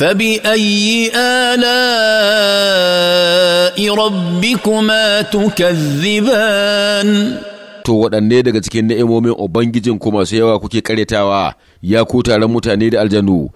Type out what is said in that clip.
فبأي آلاء ربكما تكذبان to waɗanne daga cikin ni'imomin ubangijin kuma masu yawa kuke karetawa ya ku taron mutane da aljanu